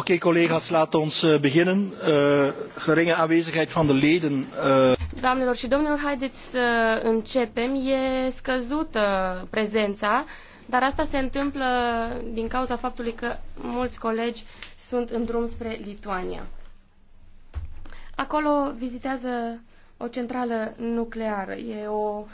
Oké, collega's, laten we eh, beginnen. Eh, geringe aanwezigheid van de leden. Eh. Doamnelor și domnilor, haideți să începem. E scăzută prezența, dar asta se întâmplă din cauza faptului că mulți colegi sunt în drum spre Lituania. Acolo vizitează o centrală nucleară. E o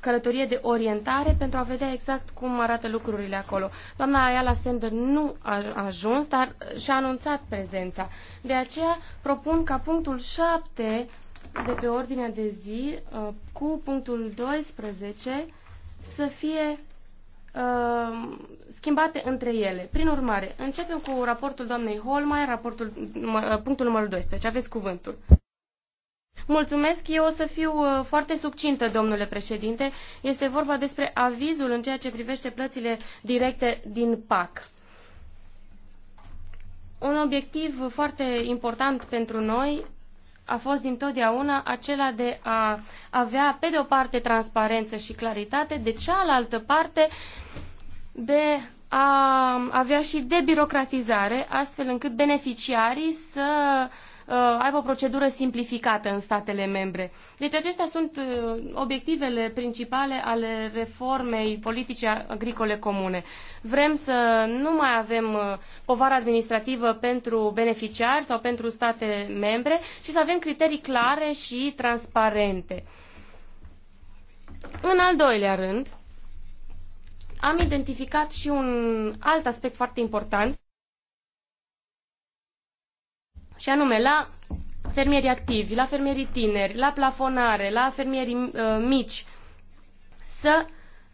călătorie de orientare pentru a vedea exact cum arată lucrurile acolo. Doamna Ayala Sender nu a ajuns, dar și-a anunțat prezența. De aceea propun ca punctul 7 de pe ordinea de zi uh, cu punctul 12 să fie uh, schimbate între ele. Prin urmare, începem cu raportul doamnei Holmeier, raportul, uh, punctul numărul 12. Aveți cuvântul. Mulțumesc, eu o să fiu uh, foarte succintă, domnule președinte. Este vorba despre avizul în ceea ce privește plățile directe din PAC. Un obiectiv foarte important pentru noi a fost dintotdeauna acela de a avea, pe de o parte, transparență și claritate, de cealaltă parte, de a avea și debirocratizare, astfel încât beneficiarii să uh, Uh, aibă o procedură simplificată în statele membre. Deci acestea sunt uh, obiectivele principale ale reformei politicii agricole comune. Vrem să nu mai avem uh, povară administrativă pentru beneficiari sau pentru state membre și să avem criterii clare și transparente. În al doilea rând, am identificat și un alt aspect foarte important și anume la fermierii activi, la fermierii tineri, la plafonare, la fermierii uh, mici, să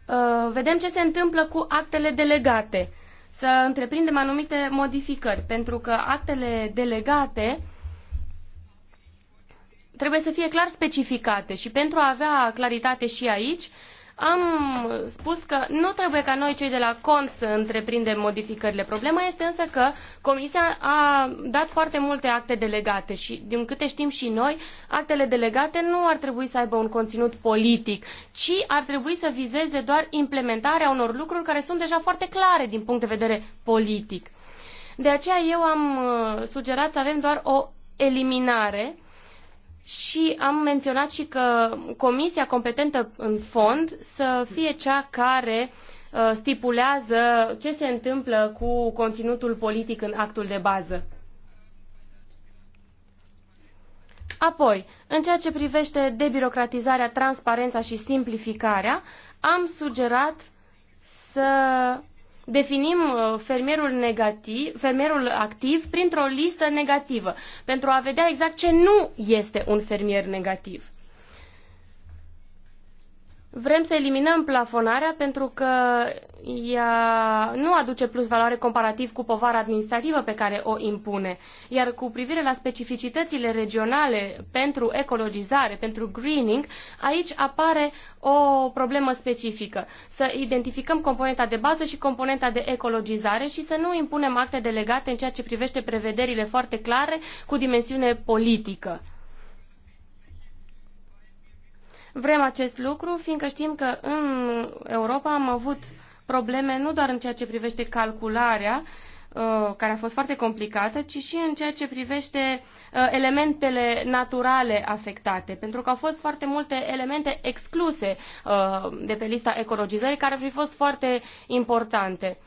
uh, vedem ce se întâmplă cu actele delegate, să întreprindem anumite modificări, pentru că actele delegate trebuie să fie clar specificate și pentru a avea claritate și aici, am spus că nu trebuie ca noi cei de la cont să întreprindem modificările. Problema este însă că Comisia a dat foarte multe acte delegate și, din câte știm și noi, actele delegate nu ar trebui să aibă un conținut politic, ci ar trebui să vizeze doar implementarea unor lucruri care sunt deja foarte clare din punct de vedere politic. De aceea eu am uh, sugerat să avem doar o eliminare și am menționat și că comisia competentă în fond să fie cea care uh, stipulează ce se întâmplă cu conținutul politic în actul de bază. Apoi, în ceea ce privește debirocratizarea, transparența și simplificarea, am sugerat să definim uh, fermierul, negativ, fermierul activ printr-o listă negativă, pentru a vedea exact ce nu este un fermier negativ. Vrem să eliminăm plafonarea pentru că ea nu aduce plus valoare comparativ cu povara administrativă pe care o impune. Iar cu privire la specificitățile regionale pentru ecologizare, pentru greening, aici apare o problemă specifică. Să identificăm componenta de bază și componenta de ecologizare și să nu impunem acte delegate în ceea ce privește prevederile foarte clare cu dimensiune politică. Vrem acest lucru, fiindcă știm că în Europa am avut probleme nu doar în ceea ce privește calcularea, uh, care a fost foarte complicată, ci și în ceea ce privește uh, elementele naturale afectate, pentru că au fost foarte multe elemente excluse uh, de pe lista ecologizării care ar fi fost foarte importante.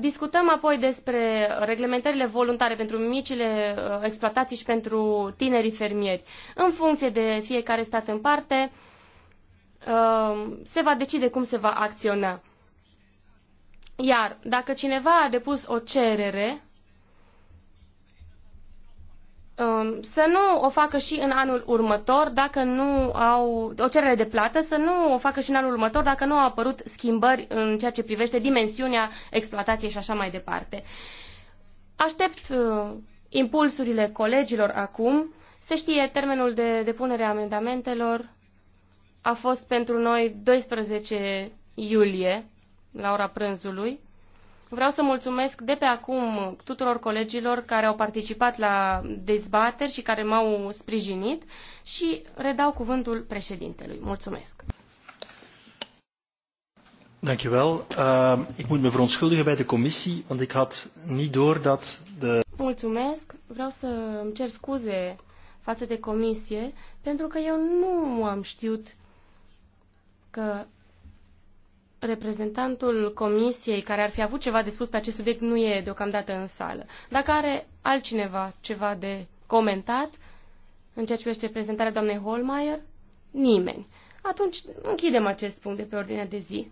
Discutăm apoi despre reglementările voluntare pentru micile exploatații și pentru tinerii fermieri. În funcție de fiecare stat în parte, Um, se va decide cum se va acționa. Iar dacă cineva a depus o cerere, um, să nu o facă și în anul următor dacă nu au o cerere de plată, să nu o facă și în anul următor dacă nu au apărut schimbări în ceea ce privește dimensiunea exploatației și așa mai departe. Aștept uh, impulsurile colegilor acum. Se știe termenul de depunere a amendamentelor a fost pentru noi 12 iulie, la ora prânzului. Vreau să mulțumesc de pe acum tuturor colegilor care au participat la dezbateri și care m-au sprijinit și redau cuvântul președintelui. Mulțumesc! Uh, ik moet me verontschuldigen bij de commissie, want ik had niet door dat de... Mulțumesc. Vreau să îmi cer scuze față de comisie, pentru că eu nu am știut că reprezentantul comisiei care ar fi avut ceva de spus pe acest subiect nu e deocamdată în sală. Dacă are altcineva ceva de comentat în ceea ce privește prezentarea doamnei Holmeier, nimeni. Atunci închidem acest punct de pe ordinea de zi.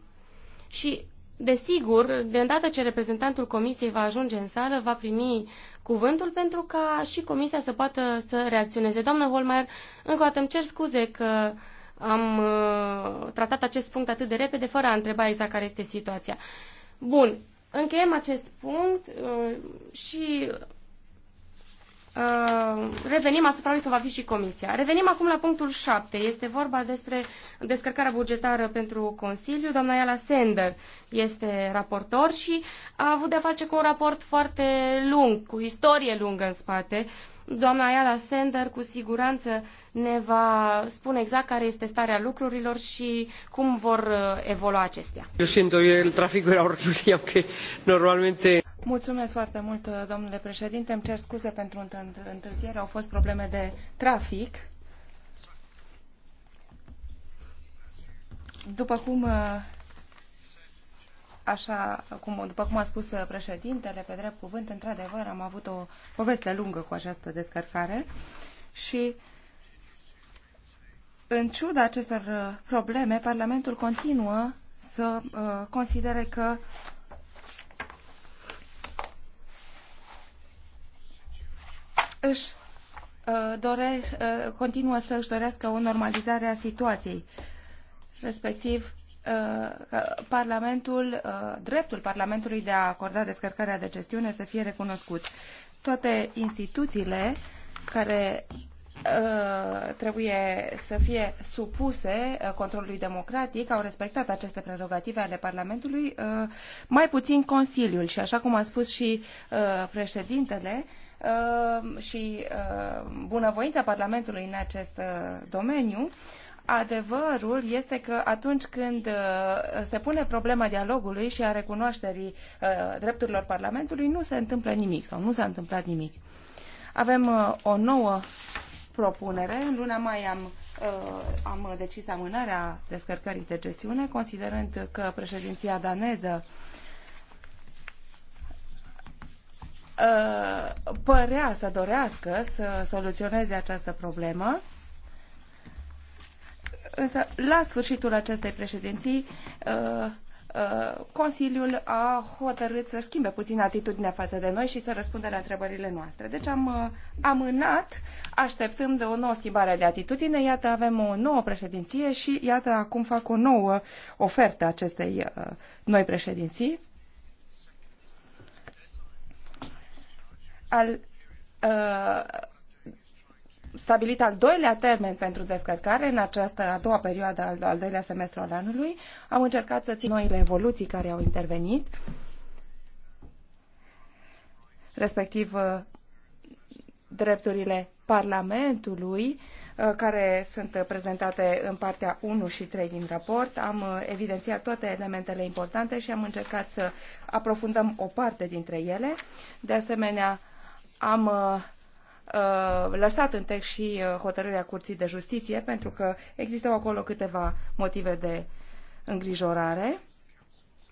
Și, desigur, de îndată ce reprezentantul comisiei va ajunge în sală, va primi cuvântul pentru ca și comisia să poată să reacționeze. Doamnă Holmeier, încă o dată îmi cer scuze că am uh, tratat acest punct atât de repede, fără a întreba exact care este situația. Bun, încheiem acest punct uh, și Uh, revenim asupra lui că va fi și comisia. Revenim acum la punctul 7. Este vorba despre descărcarea bugetară pentru Consiliu. Doamna Iala Sender este raportor și a avut de-a face cu un raport foarte lung, cu istorie lungă în spate. Uh, Doamna Ayala Sender cu siguranță ne va spune exact care este starea lucrurilor și cum vor uh, evolua acestea. Eu eu el traficul era oricum, că normalmente... Mulțumesc foarte mult, uh, domnule președinte. Îmi cer scuze pentru întârziere. Au fost probleme de trafic. După cum uh, Așa cum, după cum a spus președintele, pe drept cuvânt, într-adevăr, am avut o poveste lungă cu această descărcare și în ciuda acestor uh, probleme, Parlamentul continuă să uh, considere că își uh, dore, uh, continuă să își dorească o normalizare a situației, respectiv Uh, uh, Parlamentul, uh, dreptul Parlamentului de a acorda descărcarea de gestiune să fie recunoscut. Toate instituțiile care trebuie să fie supuse controlului democratic, au respectat aceste prerogative ale Parlamentului, mai puțin Consiliul și așa cum a spus și președintele, și bunăvoința Parlamentului în acest domeniu, Adevărul este că atunci când uh, se pune problema dialogului și a recunoașterii uh, drepturilor Parlamentului, nu se întâmplă nimic sau nu s-a întâmplat nimic. Avem uh, o nouă propunere. În luna mai am, am decis amânarea descărcării de gestiune, considerând că președinția daneză părea să dorească să soluționeze această problemă Însă, la sfârșitul acestei președinții, uh, uh, Consiliul a hotărât să schimbe puțin atitudinea față de noi și să răspundă la întrebările noastre. Deci am uh, amânat, așteptând o nouă schimbare de atitudine. Iată, avem o nouă președinție și iată, acum fac o nouă ofertă acestei noi președinții. Al, uh, stabilit al doilea termen pentru descărcare în această a doua perioadă, al, al doilea semestru al anului. Am încercat să țin noile evoluții care au intervenit, respectiv uh, drepturile Parlamentului, uh, care sunt prezentate în partea 1 și 3 din raport. Am uh, evidențiat toate elementele importante și am încercat să aprofundăm o parte dintre ele. De asemenea, am Uh, lăsat în text și uh, hotărârea Curții de Justiție, pentru că existau acolo câteva motive de îngrijorare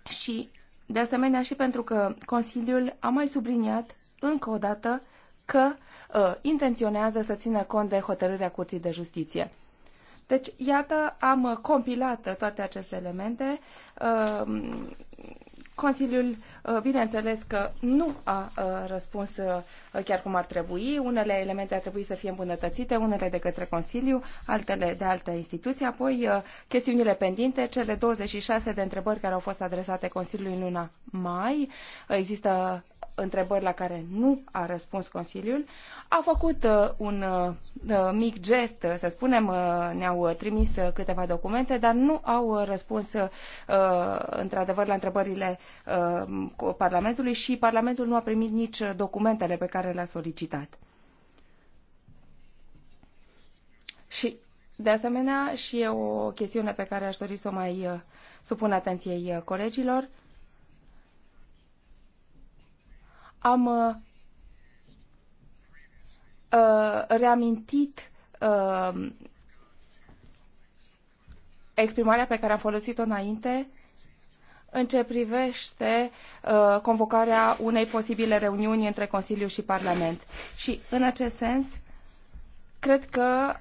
și, de asemenea, și pentru că Consiliul a mai subliniat încă o dată că uh, intenționează să țină cont de hotărârea Curții de Justiție. Deci, iată, am compilat toate aceste elemente. Uh, Consiliul, uh, bineînțeles că nu a uh, răspuns uh, chiar cum ar trebui. Unele elemente ar trebui să fie îmbunătățite, unele de către Consiliu, altele de alte instituții. Apoi, chestiunile pendinte, cele 26 de întrebări care au fost adresate Consiliului în luna mai. Există întrebări la care nu a răspuns Consiliul. A făcut uh, un uh, uh, mic gest, să spunem, ne-au trimis câteva documente, dar nu au răspuns într-adevăr la întrebările Parlamentului și Parlamentul nu a primit nici documentele pe care le-a solicitat. Și, de asemenea, și e o chestiune pe care aș dori să o mai supun atenției colegilor. am uh, uh, reamintit uh, exprimarea pe care am folosit-o înainte în ce privește uh, convocarea unei posibile reuniuni între Consiliu și Parlament. Și în acest sens, cred că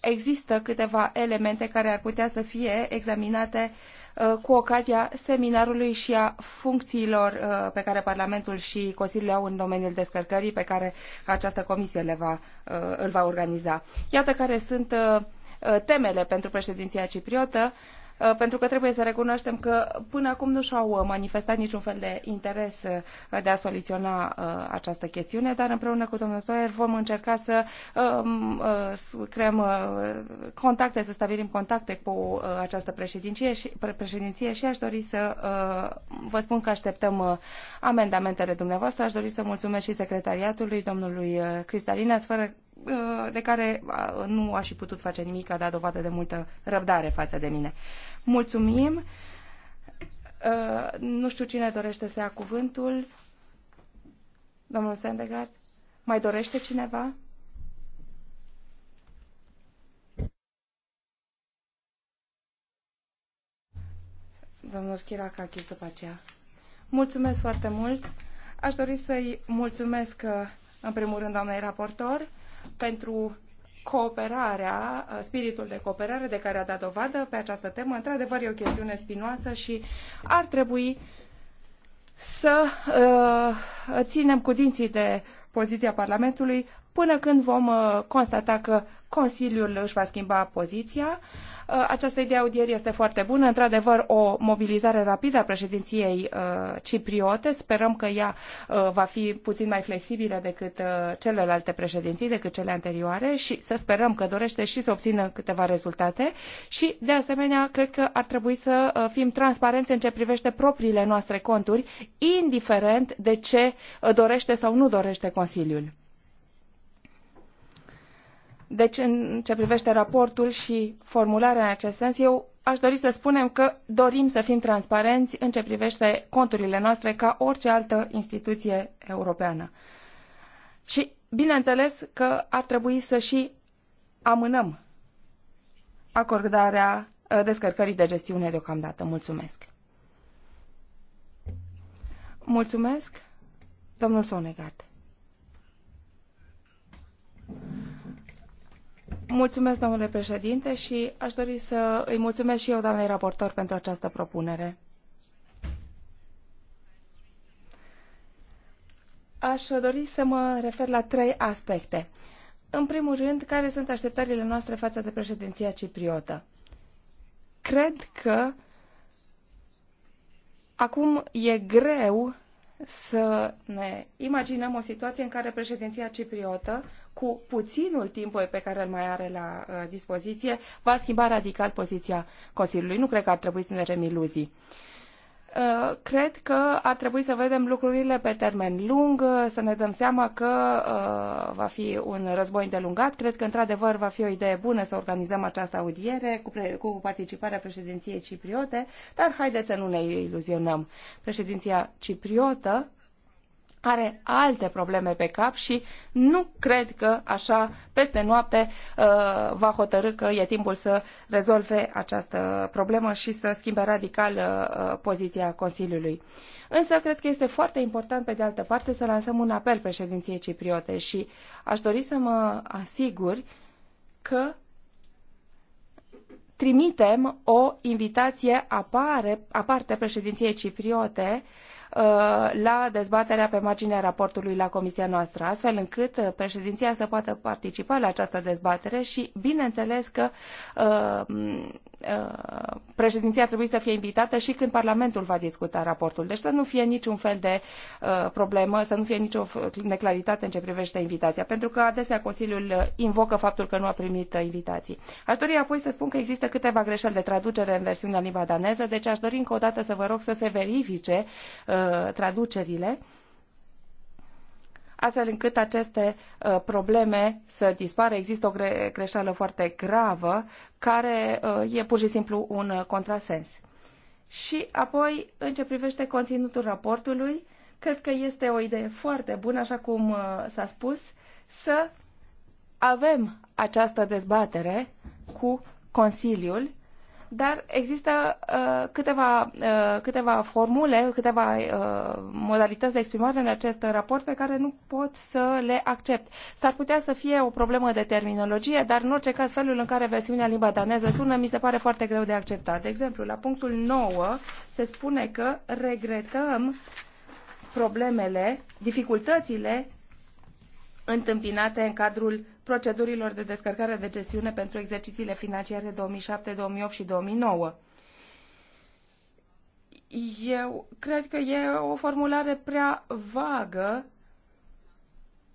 există câteva elemente care ar putea să fie examinate uh, Uh, cu ocazia seminarului și a funcțiilor uh, pe care Parlamentul și Consiliul au în domeniul descărcării pe care această comisie le va, uh, îl va organiza. Iată care sunt temele pentru președinția cipriotă. Uh, pentru că trebuie să recunoaștem că până acum nu și-au uh, manifestat niciun fel de interes uh, de a soluționa această chestiune, dar împreună cu domnul Toier vom încerca să um, creăm contacte, să stabilim contacte cu această președinție și, președinție și aș dori să vă spun că așteptăm amendamentele dumneavoastră. Aș dori să mulțumesc și secretariatului, domnului Cristalina fără Uh, de care uh, nu aș fi putut face nimic, a dat dovadă de multă răbdare față de mine. Mulțumim! Uh, nu știu cine dorește să ia cuvântul. Domnul Sendegard, mai dorește cineva? Domnul Schirakakis după aceea. Mulțumesc foarte mult! Aș dori să-i mulțumesc în primul rând doamnei raportor pentru cooperarea, uh, spiritul de cooperare de care a dat dovadă pe această temă. Într-adevăr, e o chestiune spinoasă și ar trebui să uh, ținem cu dinții de poziția Parlamentului până când vom uh, constata că Consiliul își va schimba poziția. Uh, această idee audieri este foarte bună, într-adevăr o mobilizare rapidă a președinției uh, cipriote. Sperăm că ea va fi puțin mai flexibilă decât celelalte președinții, decât cele anterioare și să sperăm că dorește și să obțină câteva rezultate și, de asemenea, cred că ar trebui să fim transparenți în ce privește propriile noastre conturi, indiferent de ce dorește sau nu dorește Consiliul. Deci, în ce privește raportul și formularea în acest sens, eu aș dori să spunem că dorim să fim transparenți în ce privește conturile noastre ca orice altă instituție europeană. Și, bineînțeles, că ar trebui să și amânăm acordarea ă, descărcării de gestiune deocamdată. Mulțumesc! Mulțumesc, domnul Sonegard. Mulțumesc, domnule președinte, și aș dori să îi mulțumesc și eu, doamnei raportor, pentru această propunere. Aș dori să mă refer la trei aspecte. În primul rând, care sunt așteptările noastre față de președinția cipriotă? Cred că acum e greu să ne imaginăm o situație în care președinția cipriotă, cu puținul timp pe care îl mai are la uh, dispoziție, va schimba radical poziția Consiliului. Nu cred că ar trebui să ne rem iluzii. Uh, Uh, cred că ar trebui să vedem lucrurile pe termen lung, uh, să ne dăm seama că uh, va fi un război îndelungat. Cred că, într-adevăr, va fi o idee bună să organizăm această audiere cu, pre- cu participarea președinției cipriote, dar haideți să nu ne iluzionăm. Președinția cipriotă are alte probleme pe cap și nu cred că așa, peste noapte, uh, va hotărâ că e timpul să rezolve această problemă și să schimbe radical uh, uh, poziția Consiliului. Însă, cred că este foarte important, pe de altă parte, să lansăm un apel președinției cipriote și aș dori să mă asigur că trimitem o invitație apare, aparte președinției cipriote uh, Uh, la dezbaterea pe marginea raportului la comisia noastră, astfel încât uh, președinția să poată participa la această dezbatere și, bineînțeles, că uh, președinția trebuie să fie invitată și când Parlamentul va discuta raportul. Deci să nu fie niciun fel de uh, problemă, să nu fie nicio neclaritate în ce privește invitația, pentru că adesea Consiliul uh, invocă faptul că nu a primit uh, invitații. Aș dori apoi să spun că există câteva greșeli de traducere în versiunea limba daneză, deci aș dori încă o dată să vă rog să se verifice traducerile. Uh, astfel încât aceste uh, probleme să dispară. Există o greșeală foarte gravă care uh, e pur și simplu un uh, contrasens. Și apoi, în ce privește conținutul raportului, cred că este o idee foarte bună, așa cum s-a spus, să avem această dezbatere cu Consiliul dar există uh, câteva, uh, câteva formule, câteva uh, modalități de exprimare în acest raport pe care nu pot să le accept. S-ar putea să fie o problemă de terminologie, dar în orice caz felul în care versiunea limba daneză sună mi se pare foarte greu de acceptat. De exemplu, la punctul 9 se spune că regretăm problemele, dificultățile întâmpinate în cadrul procedurilor de descărcare de gestiune pentru exercițiile financiare 2007, 2008 și 2009. Eu cred că e o formulare prea vagă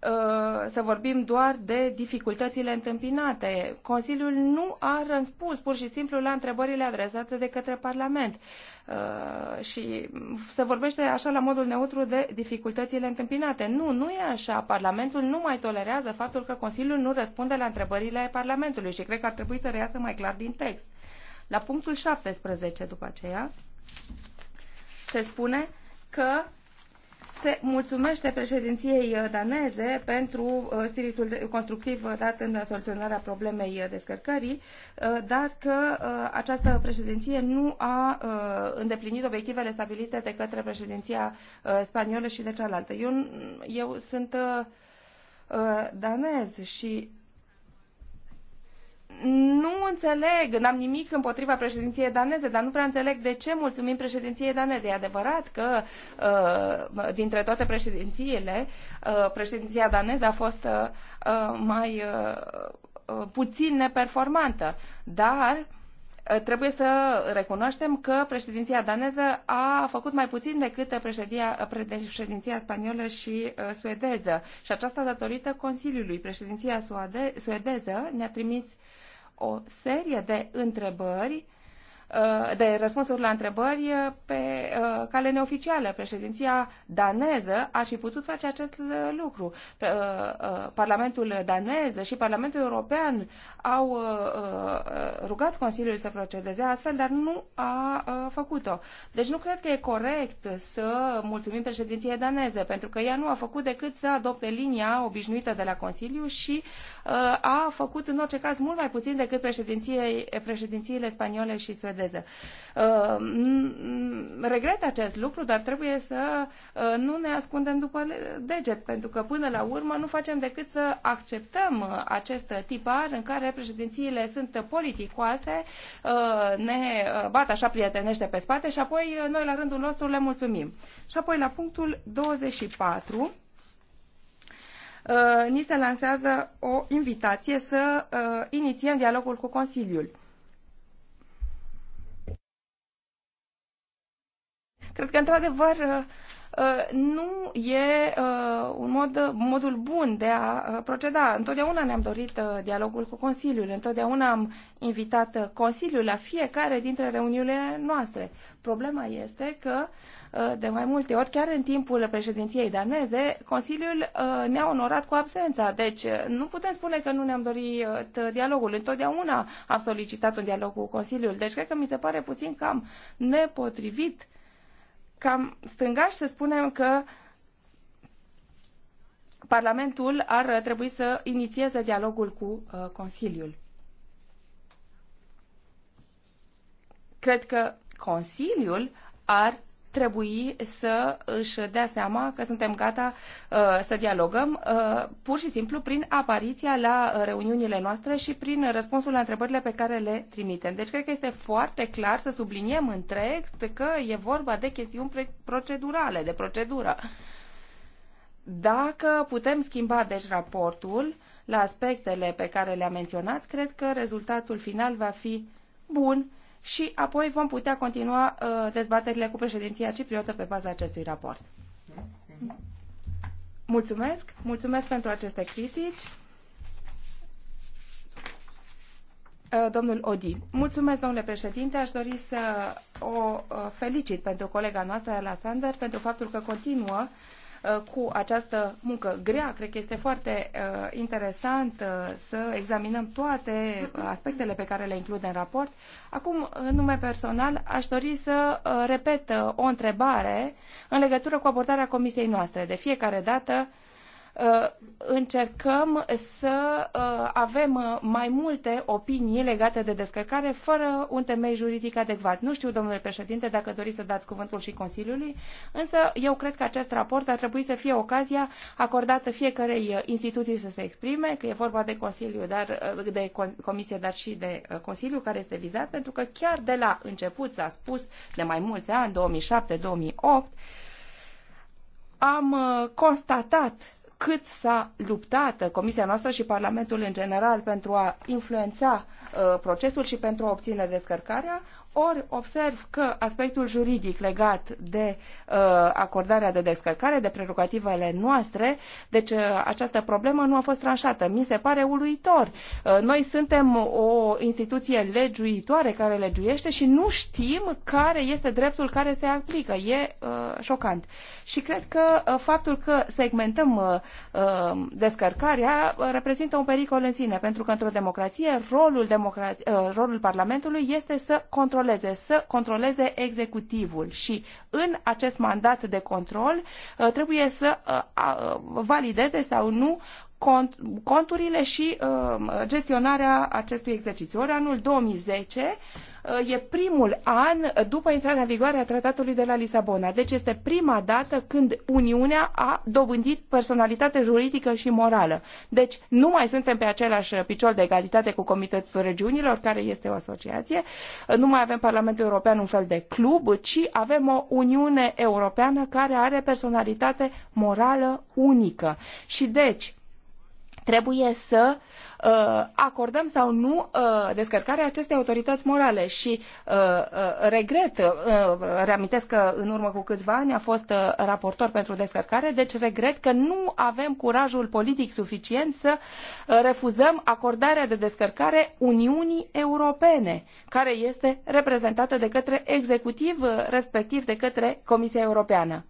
Uh, să vorbim doar de dificultățile întâmpinate. Consiliul nu a răspuns pur și simplu la întrebările adresate de către Parlament uh, și se vorbește așa la modul neutru de dificultățile întâmpinate. Nu, nu e așa. Parlamentul nu mai tolerează faptul că Consiliul nu răspunde la întrebările Parlamentului și cred că ar trebui să reiasă mai clar din text. La punctul 17 după aceea se spune că se mulțumește președinției uh, daneze pentru uh, spiritul constructiv uh, dat în soluționarea problemei descărcării, dar că această președinție nu a îndeplinit obiectivele stabilite de către președinția spaniolă și de cealaltă. Eu, mm, eu sunt danez și nu înțeleg, n-am nimic împotriva președinției daneze, dar nu prea înțeleg de ce mulțumim președinției daneze. E adevărat că uh, dintre toate președințiile, uh, președinția daneză a fost uh, mai puțin neperformantă, dar trebuie să recunoaștem că președinția daneză a făcut mai puțin decât președinția, președinția spaniolă și suedeză. Și aceasta datorită Consiliului. Președinția suedeză ne-a trimis uh, o serie de întrebări Uh, de răspunsuri la întrebări uh, pe uh, cale neoficială. Președinția daneză ar fi putut face acest lucru. Parlamentul danez și Parlamentul European au rugat Consiliul să procedeze astfel, dar nu a făcut-o. Deci nu cred că e corect să mulțumim președinției daneze, pentru că ea nu a făcut decât să adopte linia obișnuită de la Consiliu și a făcut în orice caz mult mai puțin decât președințiile spaniole și suedeze suedeză. Uh, regret acest lucru, dar trebuie să uh, nu ne ascundem după deget, pentru că până la urmă nu facem decât să acceptăm uh, acest tipar în care președințiile sunt politicoase, ne bat așa prietenește pe spate și apoi noi la rândul nostru le mulțumim. Și apoi la punctul 24 ni se lansează o invitație să inițiem dialogul cu Consiliul. Cred că, într-adevăr, uh, uh, nu e uh, un mod, modul bun de a proceda. Întotdeauna ne-am dorit dialogul cu Consiliul, întotdeauna am invitat Consiliul la fiecare dintre reuniunile noastre. Problema este că de mai multe ori, chiar în timpul președinției daneze, Consiliul ne-a onorat cu absența. Deci nu putem spune că nu ne-am dorit dialogul. Întotdeauna am solicitat un dialog cu Consiliul. Deci cred că mi se pare puțin cam nepotrivit uh, cam stângaș să spunem că Parlamentul ar trebui să inițieze dialogul cu uh, Consiliul. Cred că Consiliul ar trebui să își dea seama că suntem gata uh, să dialogăm uh, pur și simplu prin apariția la reuniunile noastre și prin răspunsul la întrebările pe care le trimitem. Deci cred că este foarte clar să subliniem în text că e vorba de chestiuni procedurale, de procedură. Dacă putem schimba deci raportul la aspectele pe care le-am menționat, cred că rezultatul final va fi bun și apoi vom putea continua uh, dezbaterile cu președinția cipriotă pe baza acestui raport. Mulțumesc, mulțumesc pentru aceste critici. Uh, domnul Odi. Mulțumesc, domnule președinte. Aș dori să o uh, felicit pentru colega noastră, Alexander, pentru faptul că continuă uh, Uh, cu această muncă grea. Cred că este foarte uh, interesant uh, să examinăm toate aspectele pe care le include în raport. Acum, în nume personal, aș dori să repet o întrebare în legătură cu abordarea comisiei noastre. De fiecare dată, Uh, încercăm să uh, avem uh, mai multe opinii legate de descărcare fără un temei juridic adecvat. Nu știu, domnule președinte, dacă doriți să dați cuvântul și Consiliului, însă eu cred că acest raport ar trebui să fie ocazia acordată fiecarei instituții să se exprime, că e vorba de Consiliu, dar, de Comisie, dar și de Consiliu care este vizat, pentru că chiar de la început s-a spus de mai mulți ani, 2007-2008, am constatat cât s-a luptat Comisia noastră și Parlamentul în general pentru a influența uh, procesul și pentru a obține descărcarea, ori observ că aspectul juridic legat de uh, acordarea de descărcare, de prerogativele noastre, deci uh, această problemă nu a fost tranșată. Mi se pare uluitor. Uh, noi suntem o instituție legiuitoare care legiuiește și nu știm care este dreptul care se aplică. E uh, șocant. Și cred că uh, faptul că segmentăm uh, uh, descărcarea uh, reprezintă un pericol în sine, pentru că într-o democrație rolul, democra- uh, rolul Parlamentului este să controleze controleze, să controleze executivul și în acest mandat de control uh, trebuie să uh, uh, valideze sau nu conturile și gestionarea acestui exercițiu. Ori anul 2010 Uh, e primul an după intrarea în vigoare a tratatului de la Lisabona. Deci este prima dată când Uniunea a dobândit personalitate juridică și morală. Deci nu mai suntem pe același picior de egalitate cu Comitetul Regiunilor, care este o asociație. Uh, nu mai avem Parlamentul European un fel de club, ci avem o Uniune Europeană care are personalitate morală unică. Și deci, trebuie să uh, acordăm sau nu uh, descărcarea acestei autorități morale și uh, regret, reamintesc că în urmă cu câțiva ani a fost raportor pentru descărcare, deci regret că nu avem curajul politic suficient să refuzăm acordarea de descărcare Uniunii Europene, care este reprezentată de către executiv, respectiv de către Comisia Europeană.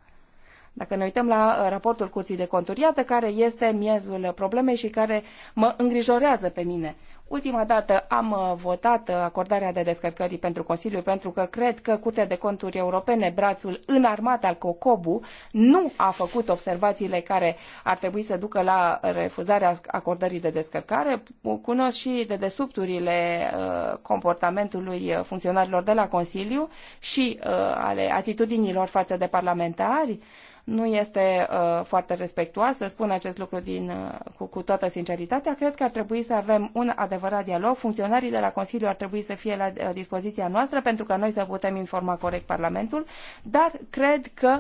Dacă ne uităm la uh, raportul Curții de Conturi, iată care este miezul problemei și care mă îngrijorează pe mine. Ultima dată am uh, votat uh, acordarea de descărcări pentru Consiliu pentru că cred că Curtea de Conturi Europene, brațul înarmat al COCOBU, nu a făcut observațiile care ar trebui să ducă la refuzarea acordării de descărcare. Cunosc și de desubturile comportamentului funcționarilor de la Consiliu și ale atitudinilor față de parlamentari nu este uh, foarte respectuoasă, spun acest lucru din, uh, cu, cu toată sinceritatea. Cred că ar trebui să avem un adevărat dialog. Funcționarii de la Consiliu ar trebui să fie la uh, dispoziția noastră pentru ca noi să putem informa corect Parlamentul, dar cred că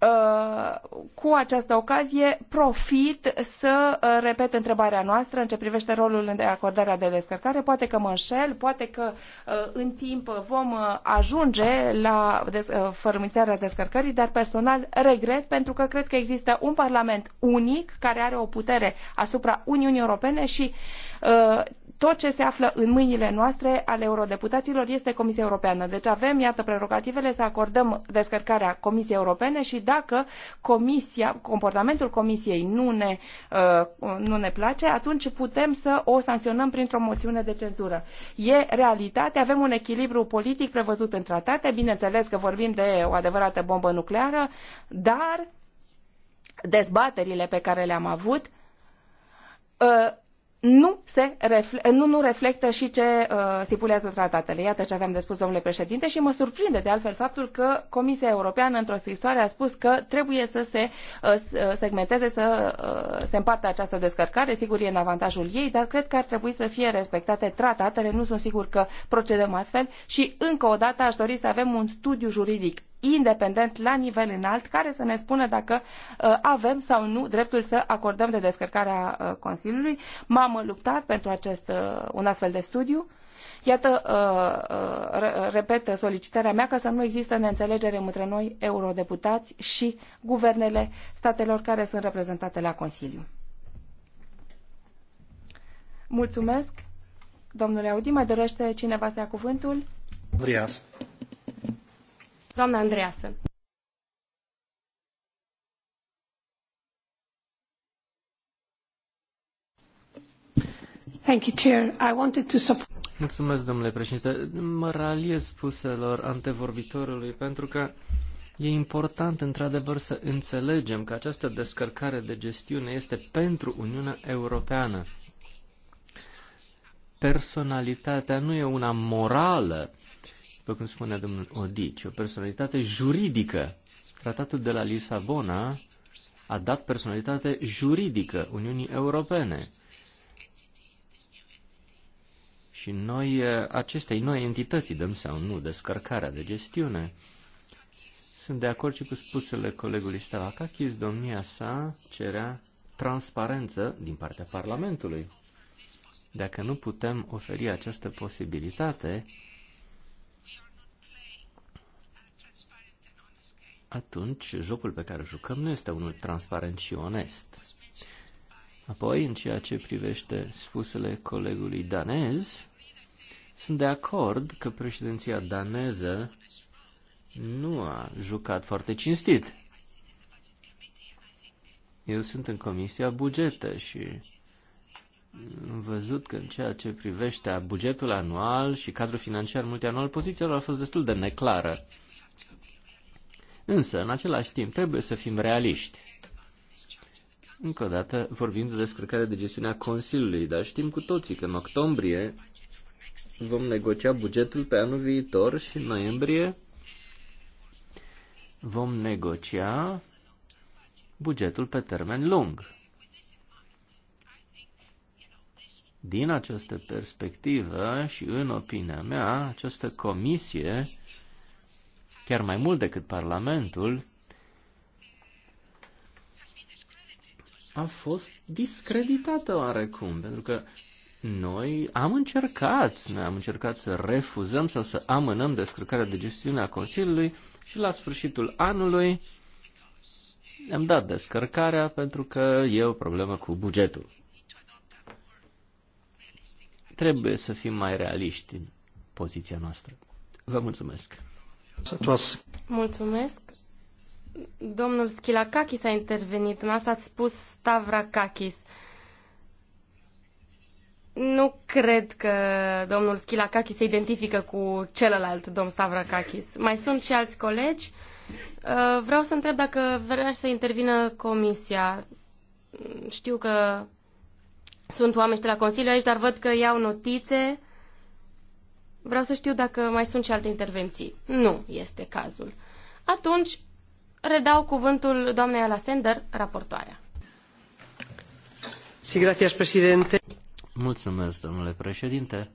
Uh, cu această ocazie profit să uh, repet întrebarea noastră în ce privește rolul de acordarea de descărcare. Poate că mă înșel, poate că uh, în timp vom ajunge la fărâmițarea descărcării, dar personal regret pentru că cred că există un parlament unic care are o putere asupra Uniunii Europene și tot ce se află în mâinile noastre ale eurodeputaților este Comisia Europeană. Deci avem, iată, prerogativele să acordăm descărcarea Comisiei Europene și dacă comisia, comportamentul Comisiei nu ne, uh, nu ne place, atunci putem să o sancționăm printr-o moțiune de cenzură. E realitate, avem un echilibru politic prevăzut în tratate, bineînțeles că vorbim de o adevărată bombă nucleară, dar dezbaterile pe care le-am avut uh, nu, se refle- nu, nu reflectă și ce uh, stipulează tratatele. Iată ce aveam de spus, domnule președinte, și mă surprinde de altfel faptul că Comisia Europeană într-o scrisoare a spus că trebuie să se uh, uh, segmenteze, să uh, se împartă această descărcare. Sigur, e în avantajul ei, dar cred că ar trebui să fie respectate tratatele. Nu sunt sigur că procedăm astfel și încă o dată aș dori să avem un studiu juridic independent la nivel înalt care să ne spună dacă uh, avem sau nu dreptul să acordăm de descărcarea uh, Consiliului. M-am luptat pentru acest, uh, un astfel de studiu. Iată, repet solicitarea mea ca să nu există neînțelegere între noi, eurodeputați și guvernele statelor care sunt reprezentate la Consiliu. Mulțumesc. Domnule Audi, mai dorește cineva să ia cuvântul? Vreau. Doamna Andreasă. Thank you, Chair. I wanted to support... Mulțumesc, domnule președinte. Mă raliez spuselor antevorbitorului pentru că e important, într-adevăr, să înțelegem că această descărcare de gestiune este pentru Uniunea Europeană. Personalitatea nu e una morală, după cum spunea domnul Odici, o personalitate juridică. Tratatul de la Lisabona a dat personalitate juridică Uniunii Europene. Și noi, eh, acestei noi entități, dăm sau nu descărcarea de gestiune. Sunt de acord și cu spusele colegului Stavakakis, domnia sa cerea transparență din partea Parlamentului. Dacă nu putem oferi această posibilitate, atunci jocul pe care jucăm nu este unul transparent și onest. Apoi, în ceea ce privește spusele colegului danez, sunt de acord că președinția daneză nu a jucat foarte cinstit. Eu sunt în Comisia Bugete și am văzut că în ceea ce privește bugetul anual și cadrul financiar multianual, poziția lor a fost destul de neclară. Însă, în același timp, trebuie să fim realiști. Încă o dată vorbim de descărcarea de gestiunea Consiliului, dar știm cu toții că în octombrie vom negocia bugetul pe anul viitor și în noiembrie vom negocia bugetul pe termen lung. Din această perspectivă și în opinia mea, această comisie chiar mai mult decât Parlamentul, a fost discreditată oarecum, pentru că noi am încercat, noi am încercat să refuzăm sau să amânăm descărcarea de gestiune a Consiliului și la sfârșitul anului am dat descărcarea pentru că e o problemă cu bugetul. Trebuie să fim mai realiști în poziția noastră. Vă mulțumesc! Mulțumesc. Domnul Schilakakis a intervenit. Dumneavoastră ați spus Stavrakakis. Nu cred că domnul Schilakakis se identifică cu celălalt domn Stavrakakis. Mai sunt și alți colegi. Uh, vreau să întreb dacă vrea să intervină comisia. Știu că sunt oameni de la Consiliu aici, dar văd că iau notițe Vreau să știu dacă mai sunt și alte intervenții. Nu este cazul. Atunci, redau cuvântul doamnei Alasender, raportoarea. Si, gracias, președinte. Mulțumesc, domnule președinte.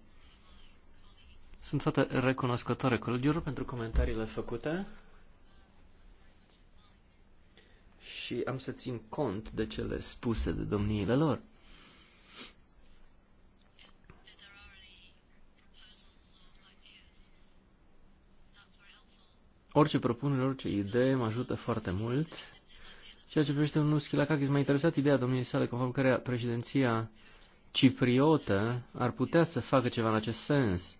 Sunt foarte recunoscătoare colegiului pentru comentariile făcute și am să țin cont de cele spuse de domniile lor. Orice propunere, orice idee mă ajută foarte mult. Ceea ce privește domnul Schilacakis, m-a interesat ideea domniei sale conform care președinția cipriotă ar putea să facă ceva în acest sens.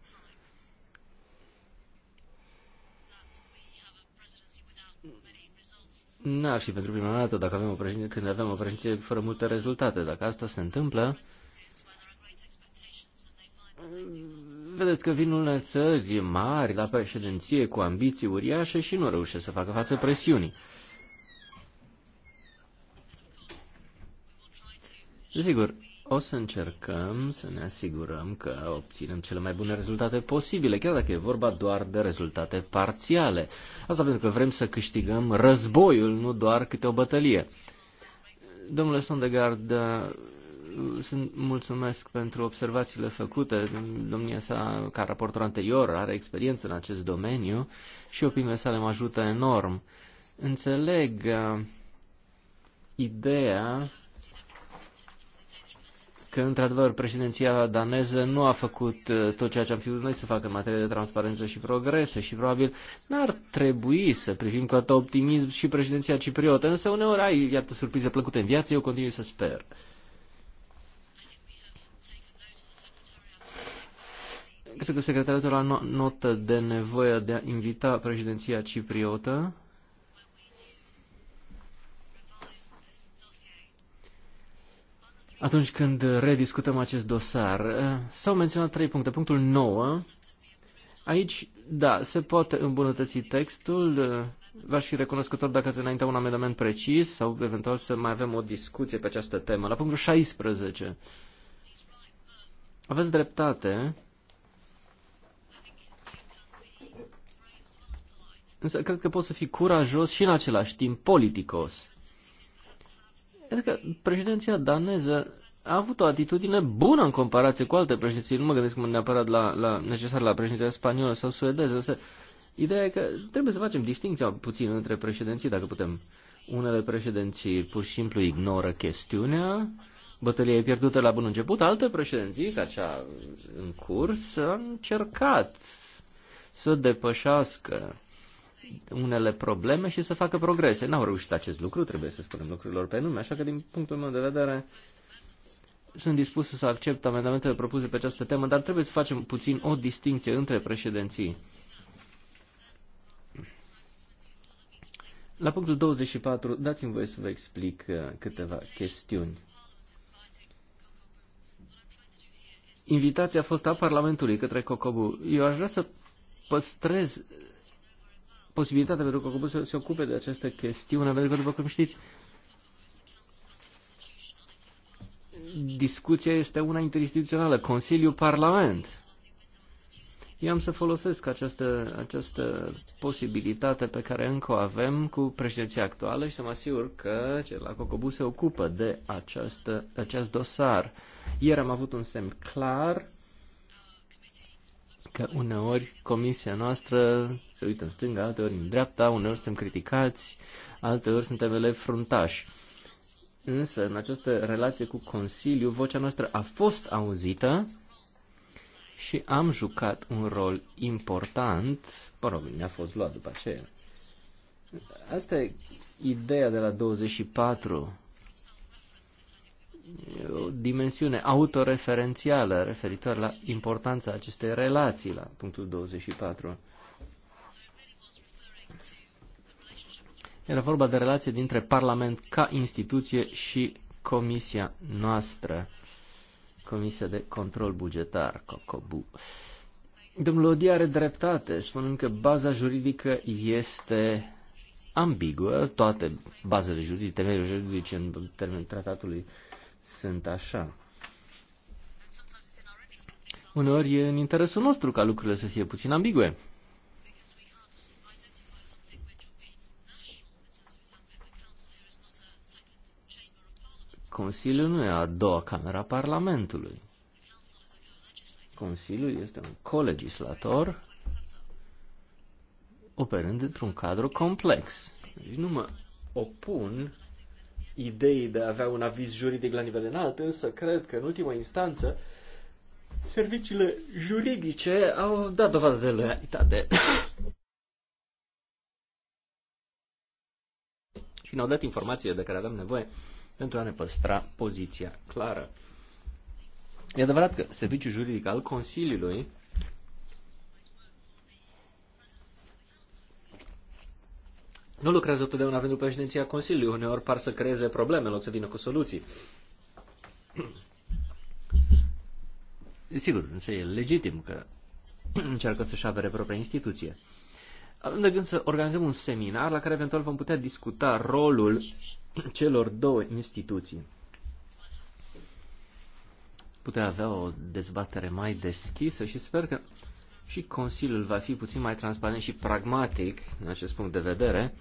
N-ar fi pentru prima dată dacă avem o președinție, când avem o președinție fără multe rezultate. Dacă asta se întâmplă, Vedeți că vin unele țări mari la președinție cu ambiții uriașe și nu reușesc să facă față presiunii. Desigur, o să încercăm să ne asigurăm că obținem cele mai bune rezultate posibile, chiar dacă e vorba doar de rezultate parțiale. Asta pentru că vrem să câștigăm războiul, nu doar câte o bătălie. Domnule Sondegard, sunt mulțumesc pentru observațiile făcute. Domnia sa, ca raportor anterior, are experiență în acest domeniu și opiniile sale mă ajută enorm. Înțeleg uh, ideea că, într-adevăr, președinția daneză nu a făcut uh, tot ceea ce am fi noi să facă în materie de transparență și progrese și probabil n-ar trebui să privim cu atât optimism și președinția cipriotă, însă uneori ai, iată, surprize plăcute în viață, eu continui să sper. Cred că secretariatul a notă de nevoie de a invita președinția cipriotă atunci când rediscutăm acest dosar. Eh, s-au menționat trei puncte. Punctul 9. Aici, da, se poate îmbunătăți textul. Eh, v-aș fi recunoscător dacă ați înaintea un amendament precis sau eventual să mai avem o discuție pe această temă. La punctul 16. Aveți dreptate. Însă cred că poți să fii curajos și în același timp politicos. Cred că președinția daneză a avut o atitudine bună în comparație cu alte președinții. Nu mă gândesc neapărat la, la necesar la președinția spaniolă sau suedeză, însă ideea e că trebuie să facem distinția puțin între președinții, dacă putem. Unele președinții pur și simplu ignoră chestiunea, bătălia e pierdută la bun început, alte președinții, ca cea în curs, au încercat să depășească unele probleme și să facă progrese. N-au reușit acest lucru, trebuie să spunem lucrurilor pe nume, așa că din punctul meu de vedere sunt dispus să accept amendamentele propuse pe această temă, dar trebuie să facem puțin o distinție între președinții. La punctul 24, dați-mi voie să vă explic uh, câteva chestiuni. Invitația a fost a Parlamentului către Cocobu. Eu aș vrea să păstrez posibilitatea pentru Cocobu să se ocupe de această chestiune, pentru că, după cum știți, discuția este una interinstituțională, Consiliu-Parlament. Eu am să folosesc această, această posibilitate pe care încă o avem cu președinția actuală și să mă asigur că cel la Cocobu se ocupă de această, acest dosar. Ieri am avut un semn clar că uneori comisia noastră se uită în stânga, alteori în dreapta, uneori suntem criticați, alteori suntem elevi fruntași. Însă, în această relație cu Consiliu, vocea noastră a fost auzită și am jucat un rol important, mă rog, ne-a fost luat după aceea. Asta e ideea de la 24 o dimensiune autoreferențială referitoare la importanța acestei relații la punctul 24. Era vorba de relație dintre Parlament ca instituție și comisia noastră, Comisia de Control Bugetar, COCOBU. Domnul Odi are dreptate, spunând că baza juridică este ambiguă, toate bazele juridice, temeiul juridice în termenul tratatului uh, sunt așa. Uneori e în interesul nostru ca lucrurile să fie puțin ambigue. Consiliul nu e a doua cameră Parlamentului. Consiliul este un colegislator operând într-un cadru complex. Deci nu mă opun idei de a avea un aviz juridic la nivel înalt, însă cred că în ultima instanță serviciile juridice au dat dovadă de loialitate. și ne-au dat informațiile de care avem nevoie pentru a ne păstra poziția clară. E adevărat că serviciul juridic al Consiliului nu lucrează totdeauna pentru președinția Consiliului. Uneori par să creeze probleme în loc să vină cu soluții. Sigur, însă e legitim că încearcă să-și apere propria instituție. Avem de gând să organizăm un seminar la care eventual vom putea discuta rolul celor două instituții. Putea avea o dezbatere mai deschisă și sper că și Consiliul va fi puțin mai transparent și pragmatic în acest punct de vedere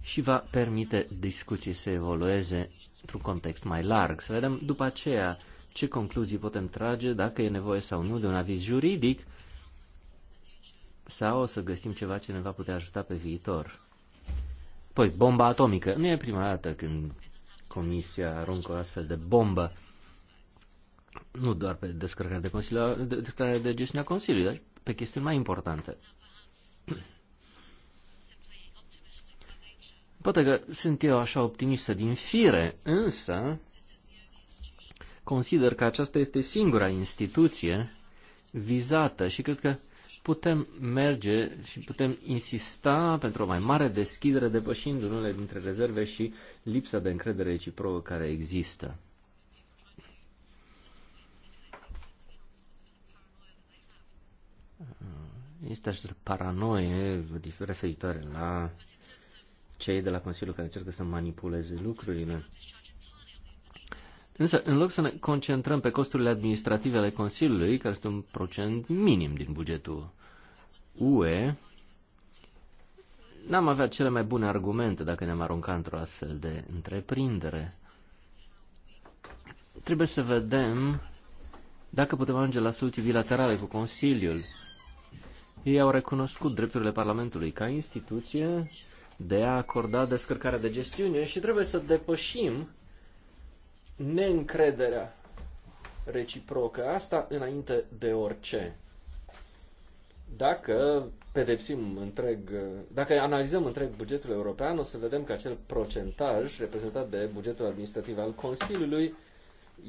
și va permite discuții să evolueze într-un context mai larg. Să vedem după aceea ce concluzii putem trage, dacă e nevoie sau nu de un aviz juridic sau o să găsim ceva ce ne va putea ajuta pe viitor. Păi, bomba atomică. Nu e prima dată când Comisia aruncă o astfel de bombă. Nu doar pe descărcarea de, Consiliu, descărcarea de gestiunea Consiliului, dar pe chestiuni mai importante. Poate că sunt eu așa optimistă din fire, însă consider că aceasta este singura instituție vizată și cred că putem merge și putem insista pentru o mai mare deschidere depășind unele dintre rezerve și lipsa de încredere reciprocă care există. Este această paranoie referitoare la cei de la Consiliu care încearcă să manipuleze lucrurile. Însă, în loc să ne concentrăm pe costurile administrative ale Consiliului, care sunt un procent minim din bugetul UE, n-am avea cele mai bune argumente dacă ne-am arunca într-o astfel de întreprindere. Trebuie să vedem dacă putem ajunge la soluții bilaterale cu Consiliul. Ei au recunoscut drepturile Parlamentului ca instituție de a acorda descărcarea de gestiune și trebuie să depășim neîncrederea reciprocă. Asta înainte de orice. Dacă pedepsim întreg, dacă analizăm întreg bugetul european, o să vedem că acel procentaj reprezentat de bugetul administrativ al Consiliului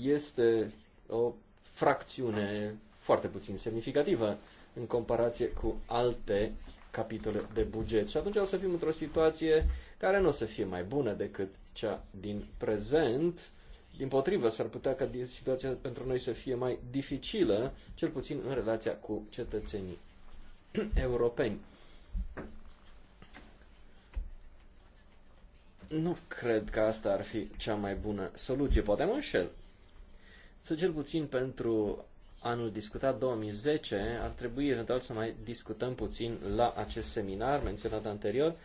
este o fracțiune foarte puțin semnificativă în comparație cu alte capitole de buget. Și atunci o să fim într-o situație care nu o să fie mai bună decât cea din prezent. Din potrivă, s-ar putea ca situația pentru noi să fie mai dificilă, cel puțin în relația cu cetățenii europeni. Nu cred că asta ar fi cea mai bună soluție. Poate mă înșel. Să cel puțin pentru anul discutat 2010, ar trebui eventual să mai discutăm puțin la acest seminar menționat anterior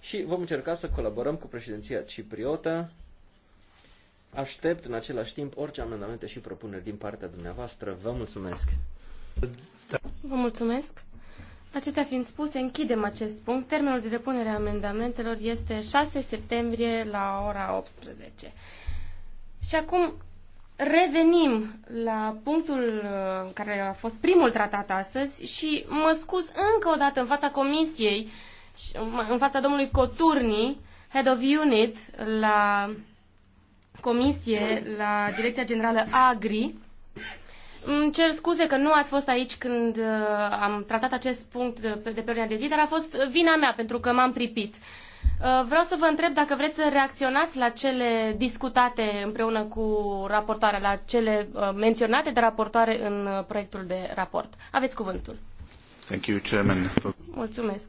și vom încerca să colaborăm cu președinția cipriotă. Aștept în același timp orice amendamente și propuneri din partea dumneavoastră. Vă mulțumesc! Vă mulțumesc! Acestea fiind spuse, închidem acest punct. Termenul de depunere a amendamentelor este 6 septembrie la ora 18. Și acum Revenim la punctul uh, care a fost primul tratat astăzi și mă scuz încă o dată în fața comisiei, uh, în fața domnului Coturni, Head of Unit la comisie, la Direcția Generală Agri. Îmi cer scuze că nu ați fost aici când uh, am tratat acest punct de pe ordinea de zi, dar a fost vina mea pentru că m-am pripit. Uh, vreau să vă întreb dacă vreți să reacționați la cele discutate împreună cu raportoarea, la cele uh, menționate de raportoare în uh, proiectul de raport. Aveți cuvântul. Thank you, Chairman. Mulțumesc.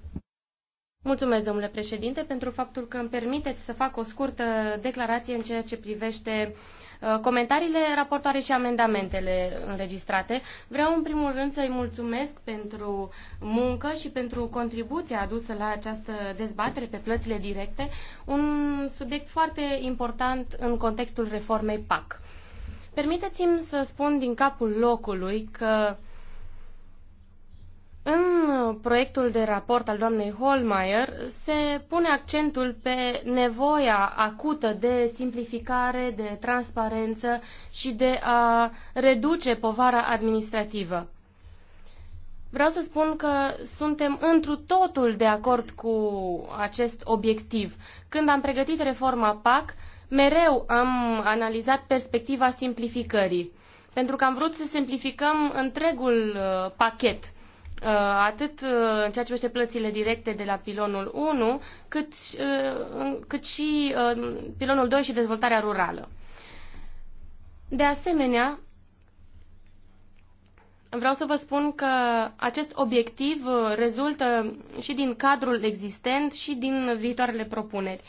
Mulțumesc, domnule președinte, pentru faptul că îmi permiteți să fac o scurtă declarație în ceea ce privește uh, Uh, comentariile raportoare și amendamentele înregistrate. Vreau în primul rând să-i mulțumesc pentru muncă și pentru contribuția adusă la această dezbatere pe plățile directe, un subiect foarte important în contextul reformei PAC. Permiteți-mi să spun din capul locului că în proiectul de raport al doamnei Holmeier se pune accentul pe nevoia acută de simplificare, de transparență și de a reduce povara administrativă. Vreau să spun că suntem întru totul de acord cu acest obiectiv. Când am pregătit reforma PAC, mereu am analizat perspectiva simplificării, pentru că am vrut să simplificăm întregul uh, pachet – Uh, atât uh, în ceea ce privește plățile directe de la pilonul 1, cât, cât și uh, pilonul 2 și dezvoltarea rurală. De asemenea, vreau să vă spun că acest obiectiv rezultă și din cadrul existent și din viitoarele propuneri.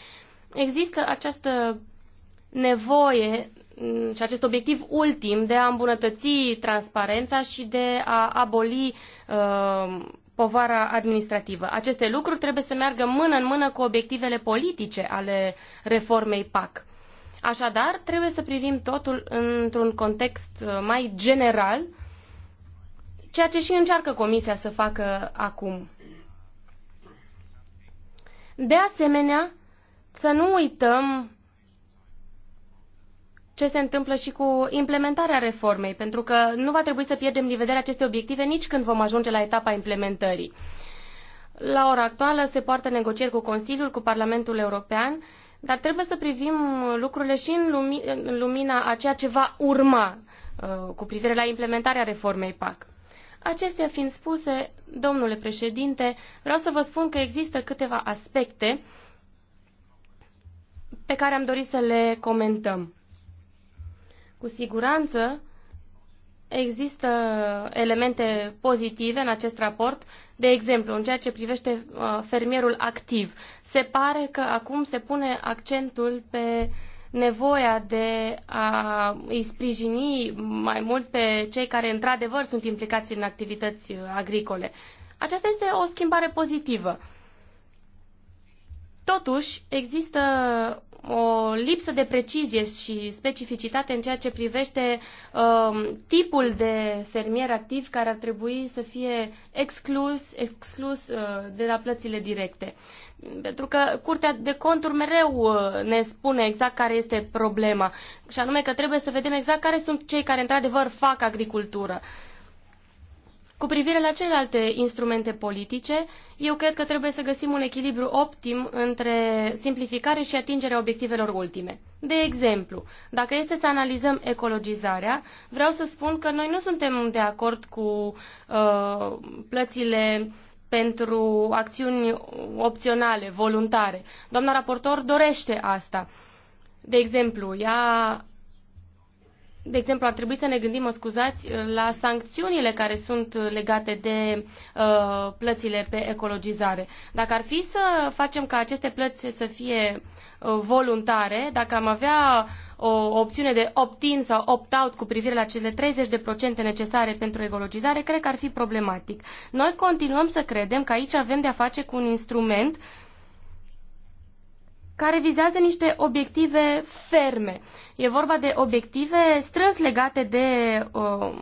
Există această nevoie Mm, și acest obiectiv ultim de a îmbunătăți transparența și de a aboli uh, povara administrativă. Aceste lucruri trebuie să meargă mână în mână cu obiectivele politice ale reformei PAC. Așadar, trebuie să privim totul într-un context uh, mai general, ceea ce și încearcă Comisia să facă acum. De asemenea, să nu uităm ce se întâmplă și cu implementarea reformei, pentru că nu va trebui să pierdem din vedere aceste obiective nici când vom ajunge la etapa implementării. La ora actuală se poartă negocieri cu Consiliul, cu Parlamentul European, dar trebuie să privim lucrurile și în, lumi- în lumina a ceea ce va urma uh, cu privire la implementarea reformei PAC. Acestea fiind spuse, domnule președinte, vreau să vă spun că există câteva aspecte pe care am dorit să le comentăm. Cu siguranță există elemente pozitive în acest raport, de exemplu, în ceea ce privește uh, fermierul activ. Se pare că acum se pune accentul pe nevoia de a îi sprijini mai mult pe cei care într-adevăr sunt implicați în activități uh, agricole. Aceasta este o schimbare pozitivă. Totuși, există o lipsă de precizie și specificitate în ceea ce privește uh, tipul de fermier activ care ar trebui să fie exclus, exclus uh, de la plățile directe. Pentru că Curtea de Conturi mereu uh, ne spune exact care este problema și anume că trebuie să vedem exact care sunt cei care într-adevăr fac agricultură. Uh, cu privire la celelalte instrumente politice, eu cred că trebuie să găsim un echilibru optim între simplificare și atingerea obiectivelor ultime. De exemplu, dacă este să analizăm ecologizarea, vreau să spun că noi nu suntem de acord cu uh, plățile pentru acțiuni opționale, voluntare. Doamna raportor dorește asta. De exemplu, ea de exemplu, ar trebui să ne gândim, mă scuzați, la sancțiunile care sunt legate de uh, plățile pe ecologizare. Dacă ar fi să facem ca aceste plăți să fie uh, voluntare, dacă am avea o opțiune de opt-in sau opt-out cu privire la cele 30% necesare pentru ecologizare, cred că ar fi problematic. Noi continuăm să credem că aici avem de-a face cu un instrument care vizează niște obiective ferme. E vorba de obiective strâns legate de uh,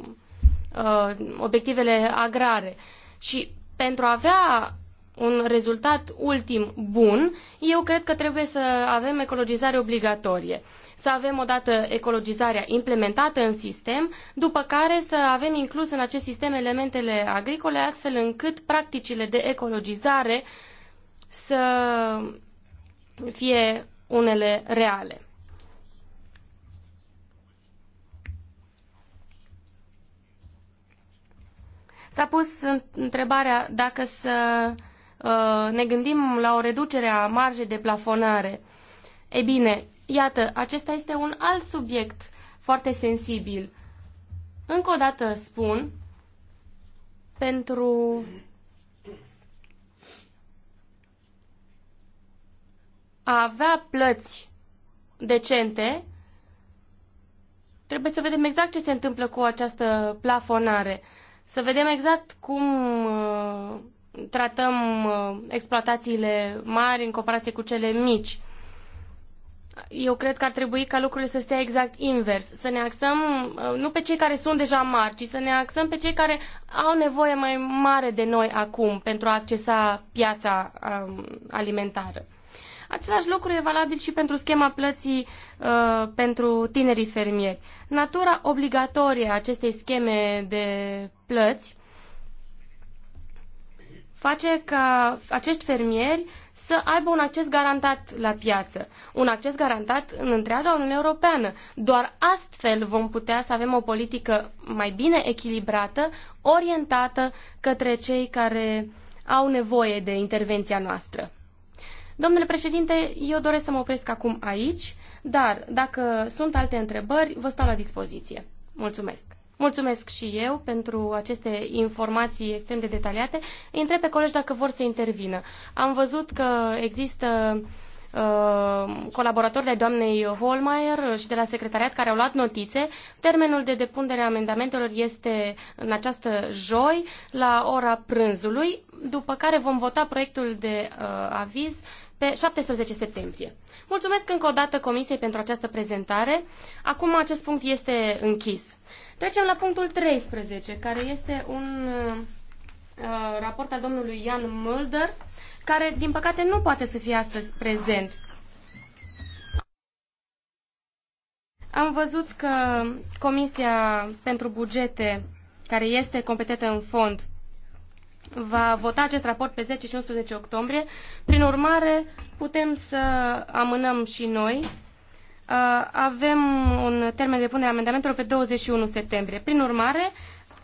uh, obiectivele agrare. Și pentru a avea un rezultat ultim bun, eu cred că trebuie să avem ecologizare obligatorie. Să avem odată ecologizarea implementată în sistem, după care să avem inclus în acest sistem elementele agricole, astfel încât practicile de ecologizare să fie unele reale. S-a pus întrebarea dacă să uh, ne gândim la o reducere a marjei de plafonare. E bine, iată, acesta este un alt subiect foarte sensibil. Încă o dată spun, pentru a avea plăți decente, trebuie să vedem exact ce se întâmplă cu această plafonare. Să vedem exact cum uh, tratăm uh, exploatațiile mari în comparație cu cele mici. Eu cred că ar trebui ca lucrurile să stea exact invers, să ne axăm uh, nu pe cei care sunt deja mari, ci să ne axăm pe cei care au nevoie mai mare de noi acum pentru a accesa piața um, alimentară. Același lucru e valabil și pentru schema plății uh, pentru tinerii fermieri. Natura obligatorie a acestei scheme de plăți face ca acești fermieri să aibă un acces garantat la piață, un acces garantat în întreaga Uniune Europeană. Doar astfel vom putea să avem o politică mai bine echilibrată, orientată către cei care au nevoie de intervenția noastră. Domnule președinte, eu doresc să mă opresc acum aici, dar dacă sunt alte întrebări, vă stau la dispoziție. Mulțumesc! Mulțumesc și eu pentru aceste informații extrem de detaliate. Îi întreb pe colegi dacă vor să intervină. Am văzut că există uh, colaboratori de doamnei Holmeier și de la secretariat care au luat notițe. Termenul de depunere a amendamentelor este în această joi la ora prânzului, după care vom vota proiectul de uh, aviz pe 17 septembrie. Mulțumesc încă o dată Comisiei pentru această prezentare. Acum acest punct este închis. Trecem la punctul 13, care este un uh, uh, raport al domnului Ian Mulder, care, din păcate, nu poate să fie astăzi prezent. Am văzut că Comisia pentru Bugete, care este competentă în fond, va vota acest raport pe 10 și 11 octombrie. Prin urmare, putem să amânăm și noi. Uh, avem un termen de punere a amendamentelor pe 21 septembrie. Prin urmare,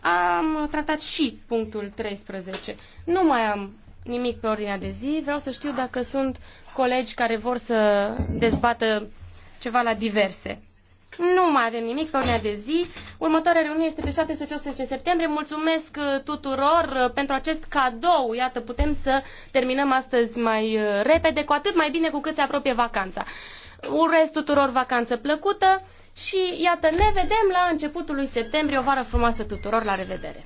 am tratat și punctul 13. Nu mai am nimic pe ordinea de zi. Vreau să știu dacă sunt colegi care vor să dezbată ceva la diverse. Nu mai avem nimic pe ordinea de zi. Următoarea reuniune este pe 17-18 septembrie. Mulțumesc uh, tuturor uh, pentru acest cadou. Iată, putem să terminăm astăzi mai uh, repede, cu atât mai bine cu cât se apropie vacanța. Urez tuturor vacanță plăcută și iată, ne vedem la începutul lui septembrie. O vară frumoasă tuturor. La revedere!